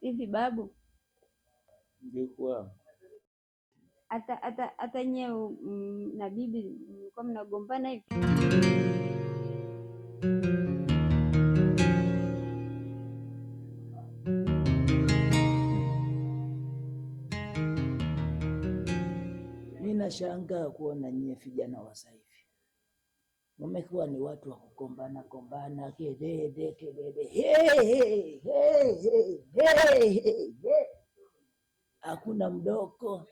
hivi babu hata hata hata nyewe mm, na bibi mlikuwa mnagombana hivi? Mimi nashangaa kuona nyie vijana wa sasa wamekuwa ni watu wa kukombana kombana, kelele kelele, he hakuna mdoko,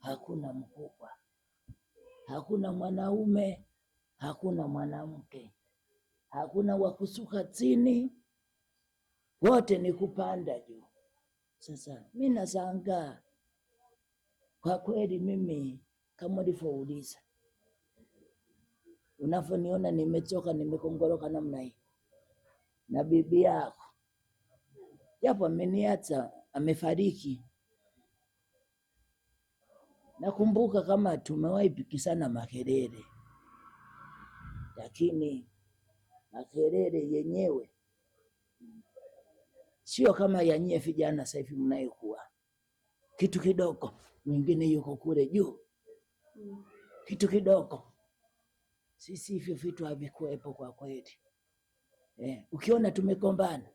hakuna mkubwa, hakuna mwanaume, hakuna mwanamke, hakuna wa kusuka chini, wote ni kupanda juu. Sasa mimi nashangaa kwa kweli, mimi kama ulivyouliza Unavyoniona nimechoka, nimekongoroka namna hii, na bibi yako japo ameniacha amefariki. Nakumbuka kama tumewahi pikisana makelele, lakini makelele yenyewe sio kama yanyie vijana sasa hivi kitu kidogo, mwingine yuko kule juu kitu kidogo sisi hivyo vitu havikuwepo kwa kweli. Eh, ukiona tumekombana,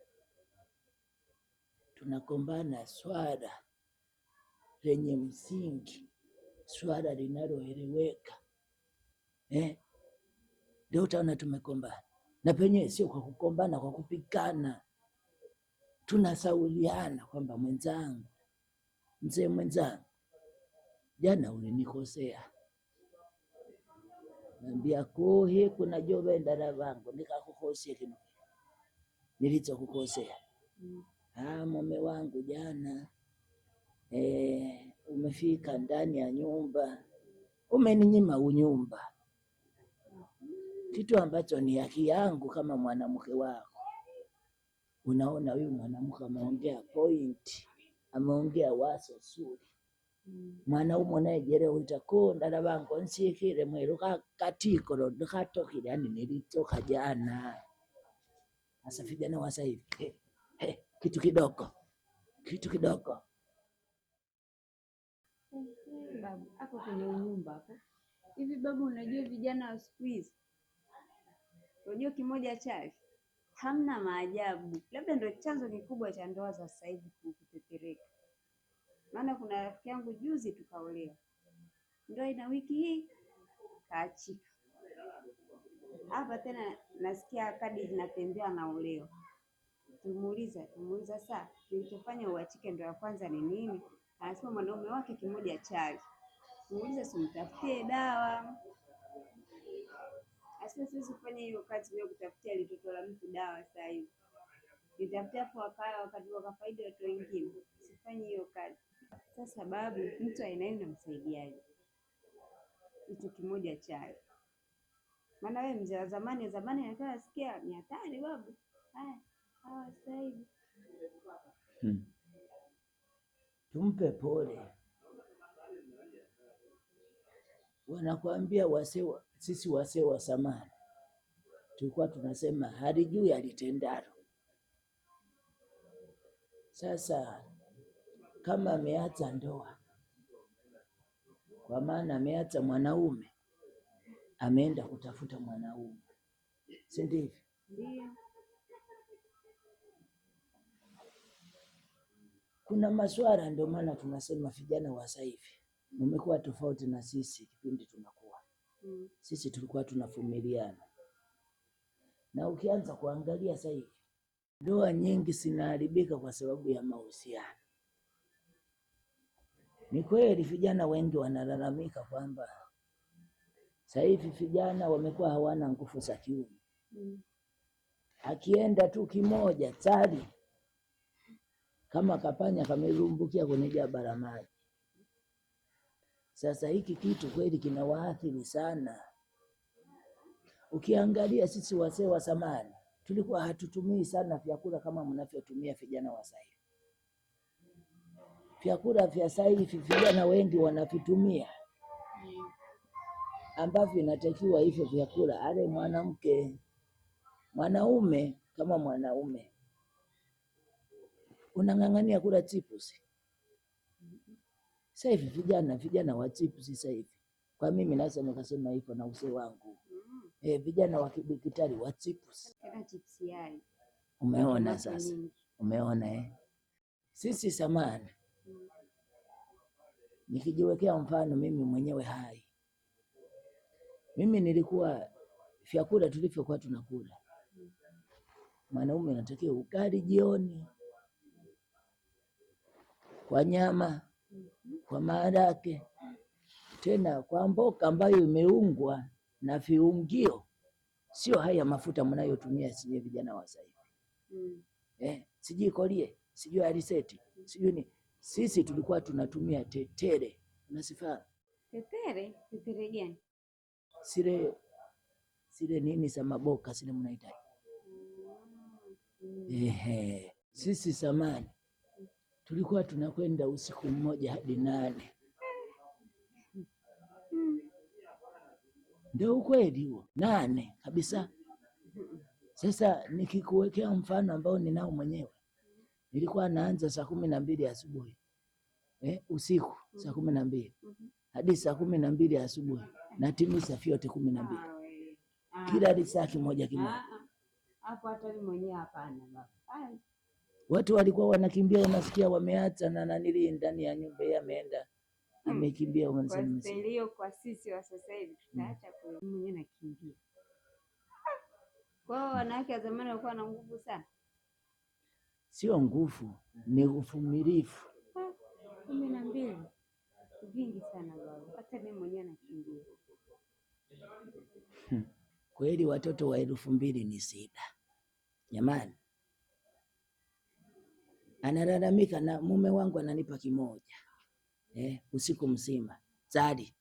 tunakombana swala lenye msingi, swala linaloeleweka. Eh, ndio utaona tumekombana, na penyewe sio kwa kukombana, kwa kupigana. Tunasauliana kwamba mwenzangu, mzee mwenzangu, jana ulinikosea Nambia kuhi kuna joba endara vangu nikakukosea kinu. Nilichokukosea. Mm. Ah, mume wangu jana e, umefika ndani ya nyumba umeninyima unyumba, kitu ambacho ni haki yangu kama mwanamke wako. Unaona, huyu mwanamke ameongea point, ameongea waso suri mwanaume naejera witakunda lavangu nsikile mwelu katikolo nikatokile yani nilitoka jana hasa vijana wa sasa hivi eh, eh, kitu kidogo kitu kidogo babu hapo kwenye unyumba hapo hivi. Babu, unajua vijana wa siku hizi, unajua kimoja chavi, hamna maajabu. Labda ndo chanzo kikubwa cha ndoa za sasa hivi kupepereka. Maana kuna rafiki yangu juzi tukaolewa, ndoa ina wiki hii kaachika. Hapa tena nasikia kadi zinatembea oleo. Tumuuliza, tumuuliza saa kilichofanya uachike ndoa ya kwanza ni nini? Anasema mwanaume wake kimoja chali. Muulize, simtafutie dawa. Asema siwezi kufanya hiyo kazi ya kutafutia litoto la mtu dawa sasa hivi nitafutia hapo wakala wakati wakafaidi watu wengine, sifanyi hiyo kazi. Kwa sababu mtu aina hiyo Kitu kimoja chai. Maana wewe mzee wa zamani zamani alikuwa nasikia ni hatari babu. Haya, hawa sasa hivi. Hmm. Tumpe pole. Wanakuambia wasewa sisi wasee wa zamani tulikuwa tunasema hali ya alitendalo. Sasa kama ameacha ndoa, kwa maana ameacha mwanaume, ameenda kutafuta mwanaume, si ndivyo? Kuna maswara, ndio maana tunasema vijana wa sasa hivi mmekuwa tofauti na sisi. Kipindi tunakuwa sisi tulikuwa tunavumiliana, na ukianza kuangalia sasa hivi ndoa nyingi zinaharibika kwa sababu ya mahusiano. Ni kweli vijana wengi wanalalamika kwamba sasa hivi vijana wamekuwa hawana nguvu za kiume Akienda tu kimoja tari kama kapanya kamerumbukia kwenye jaba la maji. Sasa hiki kitu kweli kinawaathiri sana. Ukiangalia sisi wazee wa zamani tulikuwa hatutumii sana vyakula kama mnavyotumia vijana wa sasa hivi vyakula vya sasa hivi vijana wengi wanavitumia ambavyo inatakiwa hivyo vyakula ale mwanamke. Mwanaume kama mwanaume unang'ang'ania kula chipusi sasa hivi, vijana vijana wa chipusi sasa hivi. Kwa mimi naweza nikasema hivyo na usee wangu mm-hmm. eh, vijana wa kidigitali wa chipusi. Umeona sasa, umeona eh? Sisi samani Nikijiwekea mfano mimi mwenyewe hai, mimi nilikuwa vyakula tulivyokuwa tunakula, mwanaume anatakiwa ugali jioni kwa nyama, kwa maharage, tena kwa mboga ambayo imeungwa na viungio, sio haya mafuta mnayotumia sijui vijana wa sasa hivi mm. Eh, sijui kolie, sijui aliseti, sijui ni sisi tulikuwa tunatumia tetere. Unasifahamu tetere? Tetere gani? Sile sile nini maboka sile mnaita mm. Ehe, sisi samani tulikuwa tunakwenda usiku mmoja hadi nane. Mm. Ndio ukweli huo, nane kabisa. Sasa nikikuwekea mfano ambao ninao mwenyewe nilikuwa naanza saa kumi na mbili asubuhi eh, usiku saa kumi na mbili hadi saa kumi na mbili asubuhi na timu safi yote kumi na mbili kila saa kimoja kimoja. Hapo hata Watu walikuwa wanakimbia, unasikia wameacha na nanili ndani ya nyumba, yeye ameenda hmm. amekimbia. Kwa sisi wa sasa hivi tutaacha hmm. mwenyewe nakimbia. Ah. Kwa wanawake wa zamani walikuwa na nguvu sana sio nguvu, ni uvumilivu. kumi na mbili vingi sana baba, hata mimi mwenyewe nakimbia hmm. kweli. Watoto wa elfu mbili ni sida jamani. Analalamika na mume wangu ananipa kimoja eh, usiku mzima zadi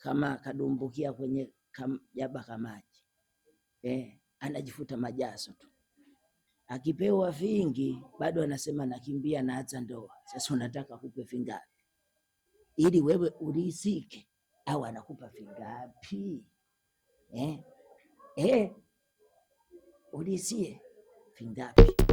kama kadumbukia kwenye kam, jaba kamaji eh, anajifuta majazo tu Akipewa vingi bado anasema nakimbia na hata ndoa. Sasa unataka kupe vingapi ili wewe ulisike? Au anakupa vingapi eh? Eh, ulisie vingapi?